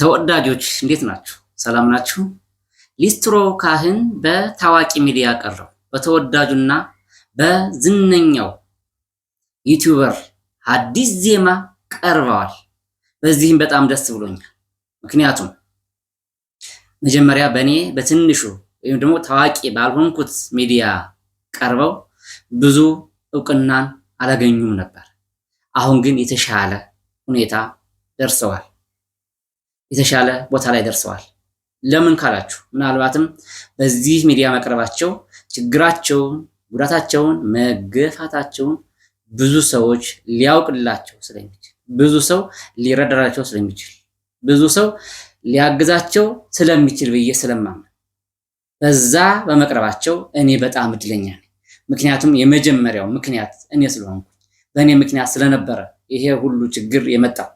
ተወዳጆች እንዴት ናችሁ? ሰላም ናችሁ? ሊስትሮ ካህን በታዋቂ ሚዲያ ቀረው በተወዳጁና በዝነኛው ዩቲዩበር አዲስ ዜማ ቀርበዋል። በዚህም በጣም ደስ ብሎኛል። ምክንያቱም መጀመሪያ በእኔ በትንሹ ወይም ደግሞ ታዋቂ ባልሆንኩት ሚዲያ ቀርበው ብዙ እውቅናን አላገኙም ነበር። አሁን ግን የተሻለ ሁኔታ ደርሰዋል። የተሻለ ቦታ ላይ ደርሰዋል። ለምን ካላችሁ ምናልባትም በዚህ ሚዲያ መቅረባቸው ችግራቸውን፣ ጉዳታቸውን፣ መገፋታቸውን ብዙ ሰዎች ሊያውቅላቸው ስለሚችል ብዙ ሰው ሊረዳላቸው ስለሚችል ብዙ ሰው ሊያግዛቸው ስለሚችል ብዬ ስለማምን በዛ በመቅረባቸው እኔ በጣም እድለኛ ነኝ። ምክንያቱም የመጀመሪያው ምክንያት እኔ ስለሆንኩ በእኔ ምክንያት ስለነበረ ይሄ ሁሉ ችግር የመጣው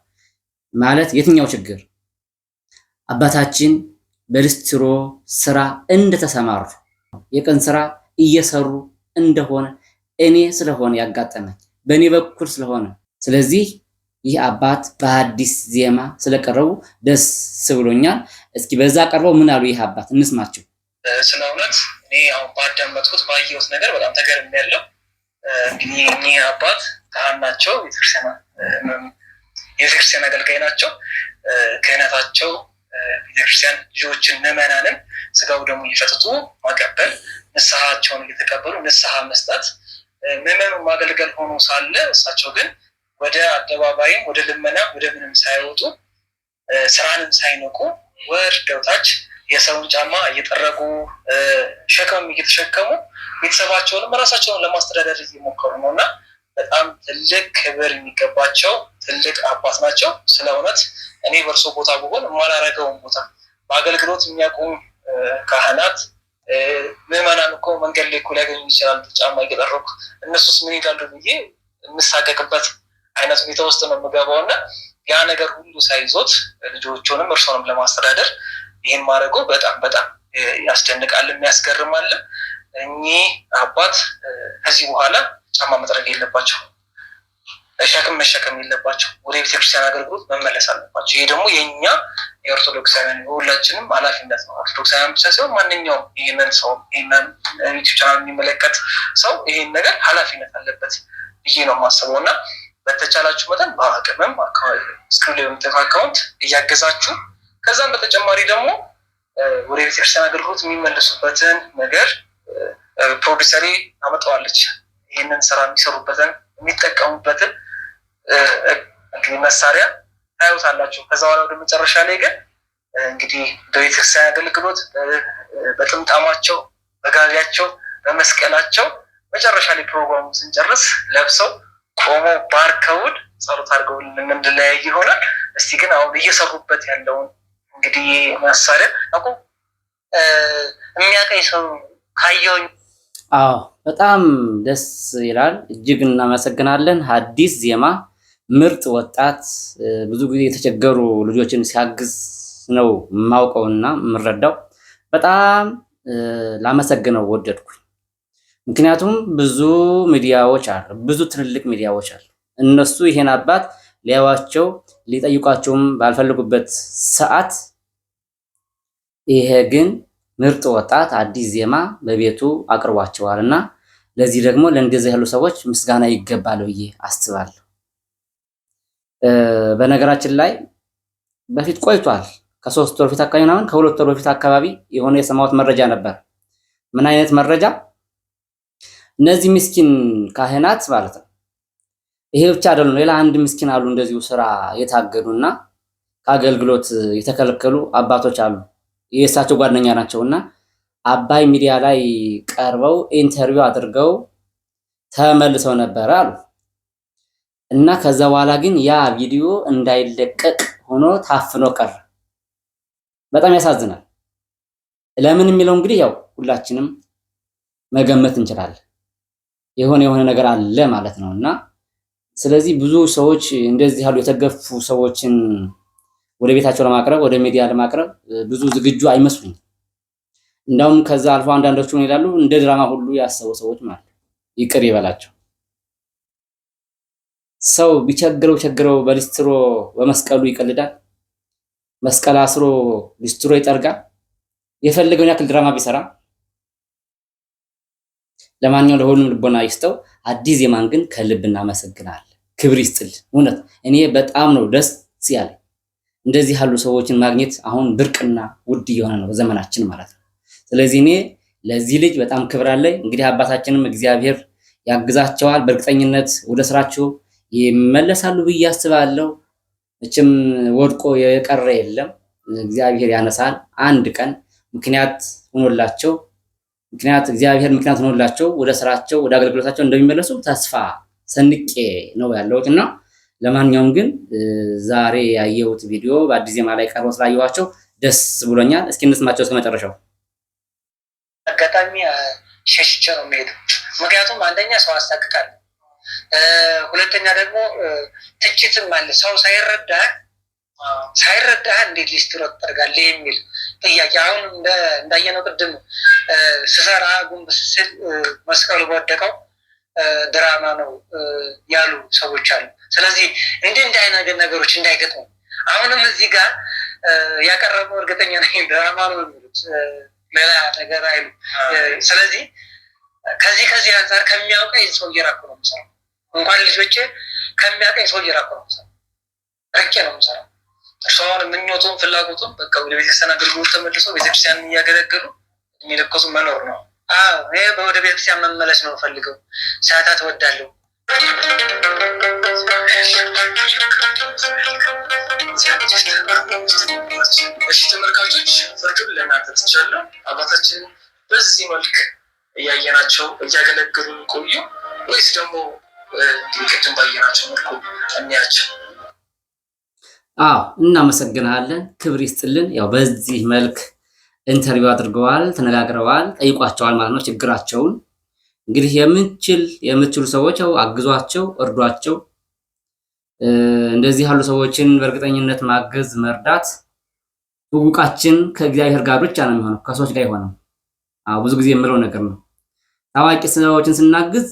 ማለት የትኛው ችግር አባታችን በልስትሮ ስራ እንደተሰማሩ የቀን ስራ እየሰሩ እንደሆነ እኔ ስለሆነ ያጋጠመኝ በእኔ በኩል ስለሆነ ስለዚህ ይህ አባት በአዲስ ዜማ ስለቀረቡ ደስ ብሎኛል። እስኪ በዛ ቀርበው ምን አሉ ይህ አባት እንስማቸው። ስለ እውነት እኔ አሁን ባዳመጥኩት ባየሁት ነገር በጣም ተገርም ያለው እንግዲህ እኚህ አባት ካህን ናቸው፣ የቤተክርስቲያን አገልጋይ ናቸው። ክህነታቸው ቤተክርስቲያን ልጆችን ምዕመናንም ስጋው ደግሞ እየፈትቱ ማቀበል ንስሐቸውን እየተቀበሉ ንስሐ መስጠት ምዕመኑ ማገልገል ሆኖ ሳለ እሳቸው ግን ወደ አደባባይም ወደ ልመና ወደ ምንም ሳይወጡ ስራንም ሳይንቁ ወርደው ታች የሰውን ጫማ እየጠረጉ ሸክምም እየተሸከሙ ቤተሰባቸውንም ራሳቸውን ለማስተዳደር እየሞከሩ ነው እና በጣም ትልቅ ክብር የሚገባቸው ትልቅ አባት ናቸው። ስለ እውነት እኔ በእርሶ ቦታ ብሆን የማላረገውን ቦታ በአገልግሎት የሚያቆሙ ካህናት ምዕመናን እኮ መንገድ ላይ እኮ ሊያገኙ ይችላሉ። ጫማ እየጠረኩ እነሱስ ምን ይላሉ ብዬ የምሳቀቅበት አይነት ሁኔታ ውስጥ ነው የምገባው እና ያ ነገር ሁሉ ሳይዞት ልጆቹንም እርሶንም ለማስተዳደር ይህን ማድረጉ በጣም በጣም ያስደንቃል፣ የሚያስገርማል። እኚህ አባት ከዚህ በኋላ ጫማ መጥረግ የለባቸው፣ ሸክም መሸከም የለባቸው። ወደ ቤተክርስቲያን አገልግሎት መመለስ አለባቸው። ይሄ ደግሞ የእኛ የኦርቶዶክሳውያን የሁላችንም ኃላፊነት ነው። ኦርቶዶክሳውያን ብቻ ሳይሆን ማንኛውም ይህንን ሰው ይህንን የሚመለከት ሰው ይህን ነገር ኃላፊነት አለበት ብዬ ነው የማስበው እና በተቻላችሁ መጠን በአቅምም አካባቢ ስክሪን ላይ በምትፍ አካውንት እያገዛችሁ ከዛም በተጨማሪ ደግሞ ወደ ቤተክርስቲያን አገልግሎት የሚመለሱበትን ነገር ፕሮዲሰሪ አመጣዋለች። ይህንን ስራ የሚሰሩበትን የሚጠቀሙበትን እንግዲህ መሳሪያ አላቸው። ከዛ በኋላ ወደ መጨረሻ ላይ ግን እንግዲህ በቤተክርስቲያን አገልግሎት በጥምጣማቸው፣ በጋቢያቸው፣ በመስቀላቸው መጨረሻ ላይ ፕሮግራሙ ስንጨርስ ለብሰው ቆመው ባርከውን ጸሎት አድርገውን የምንለያይ ይሆናል። እስቲ ግን አሁን እየሰሩበት ያለውን እንግዲህ መሳሪያ አቁ የሚያቀኝ ሰው ካየው አዎ በጣም ደስ ይላል። እጅግ እናመሰግናለን። ሀዲስ ዜማ ምርጥ ወጣት፣ ብዙ ጊዜ የተቸገሩ ልጆችን ሲያግዝ ነው የማውቀውና የምረዳው። በጣም ላመሰግነው ወደድኩኝ። ምክንያቱም ብዙ ሚዲያዎች አሉ፣ ብዙ ትልልቅ ሚዲያዎች አሉ። እነሱ ይሄን አባት ሊያዋቸው ሊጠይቋቸውም ባልፈልጉበት ሰዓት ይሄ ግን ምርጥ ወጣት አዲስ ዜማ በቤቱ አቅርቧቸዋል እና ለዚህ ደግሞ ለእንደዚህ ያሉ ሰዎች ምስጋና ይገባል ብዬ አስባለሁ። በነገራችን ላይ በፊት ቆይቷል። ከሶስት ወር በፊት አካባቢ ምናምን ከሁለት ወር በፊት አካባቢ የሆነ የሰማሁት መረጃ ነበር። ምን አይነት መረጃ? እነዚህ ምስኪን ካህናት ማለት ነው። ይሄ ብቻ አይደሉም፣ ሌላ አንድ ምስኪን አሉ እንደዚሁ ስራ የታገዱና ከአገልግሎት የተከለከሉ አባቶች አሉ። የእሳቸው ጓደኛ ናቸው እና አባይ ሚዲያ ላይ ቀርበው ኢንተርቪው አድርገው ተመልሰው ነበረ አሉ እና ከዛ በኋላ ግን ያ ቪዲዮ እንዳይለቀቅ ሆኖ ታፍኖ ቀረ። በጣም ያሳዝናል። ለምን የሚለው እንግዲህ ያው ሁላችንም መገመት እንችላለን። የሆነ የሆነ ነገር አለ ማለት ነው እና ስለዚህ ብዙ ሰዎች እንደዚህ ያሉ የተገፉ ሰዎችን ወደ ቤታቸው ለማቅረብ ወደ ሚዲያ ለማቅረብ ብዙ ዝግጁ አይመስሉኝም። እንዳውም ከዛ አልፎ አንዳንዶቹ ምን ይላሉ እንደ ድራማ ሁሉ ያሰቡ ሰዎች ማለት ይቅር ይበላቸው። ሰው ቢቸግረው ቸግረው በሊስትሮ በመስቀሉ ይቀልዳል። መስቀል አስሮ ሊስትሮ ይጠርጋል። የፈለገውን ያክል ድራማ ቢሰራ ለማንኛውም ለሁሉም ልቦና ይስጠው። አዲስ ዜማን ግን ከልብ እናመሰግናለን። ክብር ይስጥል። እውነት እኔ በጣም ነው ደስ ያለ እንደዚህ ያሉ ሰዎችን ማግኘት አሁን ብርቅና ውድ እየሆነ ነው ዘመናችን ማለት ነው። ስለዚህ እኔ ለዚህ ልጅ በጣም ክብር አለኝ። እንግዲህ አባታችንም እግዚአብሔር ያግዛቸዋል። በእርግጠኝነት ወደ ስራቸው ይመለሳሉ ብዬ አስባለሁ። እችም ወድቆ የቀረ የለም። እግዚአብሔር ያነሳል አንድ ቀን ምክንያት ሆኖላቸው ምክንያት እግዚአብሔር ምክንያት ሆኖላቸው ወደ ስራቸው ወደ አገልግሎታቸው እንደሚመለሱ ተስፋ ሰንቄ ነው ያለሁት እና ለማንኛውም ግን ዛሬ ያየሁት ቪዲዮ በአዲስ ዜማ ላይ ቀርቦ ስላየኋቸው ደስ ብሎኛል። እስኪ እንስማቸው እስከ መጨረሻው። አጋጣሚ ሸሽቼ ነው የምሄደው። ምክንያቱም አንደኛ ሰው አስታቅቃል፣ ሁለተኛ ደግሞ ትችትም አለ። ሰው ሳይረዳ ሳይረዳህ እንዴት ሊስትሮት ታደርጋለህ የሚል ጥያቄ። አሁን እንዳየነው ቅድም ስሰራ ጉንብስ ስል መስቀሉ በወደቀው ድራማ ነው ያሉ ሰዎች አሉ። ስለዚህ እንዲህ እንዲህ አይነት ነገሮች እንዳይገጥሙ አሁንም እዚህ ጋር ያቀረበው እርግጠኛ ነኝ ድራማ ነው የሚሉት ሌላ ነገር አይሉ። ስለዚህ ከዚህ ከዚህ አንጻር ከሚያውቀኝ ሰው እየራኩ ነው ምሰራ። እንኳን ልጆቼ ከሚያውቀኝ ሰው እየራኩ ነው ምሰራ። ርቄ ነው ምሰራ። እርሷን ምኞቱም ፍላጎቱም በቃ ወደ ቤተክርስቲያን አገልግሎት ተመልሶ ቤተክርስቲያን እያገለገሉ የሚለኮሱ መኖር ነው። ይሄ በወደ ቤተክርስቲያን መመለስ ነው ፈልገው ሰዓታት ወዳለሁ እሺ ተመልካቾች ፍርዱን ለእናንተ ትቻለሁ። አባታችን በዚህ መልክ እያየናቸው እያገለገሉን ቆዩ ወይስ ደግሞ ቅድም ባየናቸው መልኩ እንያቸው? አዎ እናመሰግናለን። ክብር ይስጥልን። ያው በዚህ መልክ ኢንተርቪው አድርገዋል፣ ተነጋግረዋል፣ ጠይቋቸዋል ማለት ነው ችግራቸውን። እንግዲህ የምንችል የምችሉ ሰዎች አግዟቸው፣ እርዷቸው። እንደዚህ ያሉ ሰዎችን በእርግጠኝነት ማገዝ መርዳት ውቃችን ከእግዚአብሔር ጋር ብቻ ነው የሚሆነው፣ ከሰዎች ጋር አይሆንም። አዎ ብዙ ጊዜ የምለው ነገር ነው። ታዋቂ ሰዎችን ስናግዝ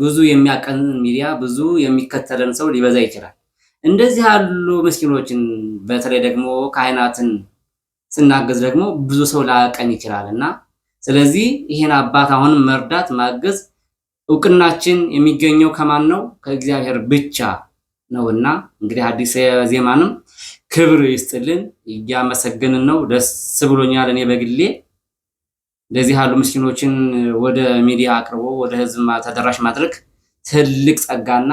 ብዙ የሚያቀን ሚዲያ ብዙ የሚከተለን ሰው ሊበዛ ይችላል። እንደዚህ ያሉ ምስኪኖችን በተለይ ደግሞ ካህናትን ስናገዝ ደግሞ ብዙ ሰው ላያቀን ይችላል እና ስለዚህ ይሄን አባት አሁንም መርዳት ማገዝ እውቅናችን የሚገኘው ከማን ነው? ከእግዚአብሔር ብቻ ነውና እንግዲህ አዲስ ዜማንም ክብር ይስጥልን። እያመሰገንን ነው። ደስ ብሎኛል። እኔ በግሌ እንደዚህ ያሉ ምስኪኖችን ወደ ሚዲያ አቅርቦ ወደ ህዝብ ተደራሽ ማድረግ ትልቅ ጸጋና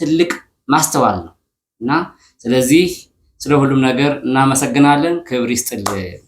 ትልቅ ማስተዋል ነው እና ስለዚህ ስለ ሁሉም ነገር እናመሰግናለን። ክብር ይስጥልን።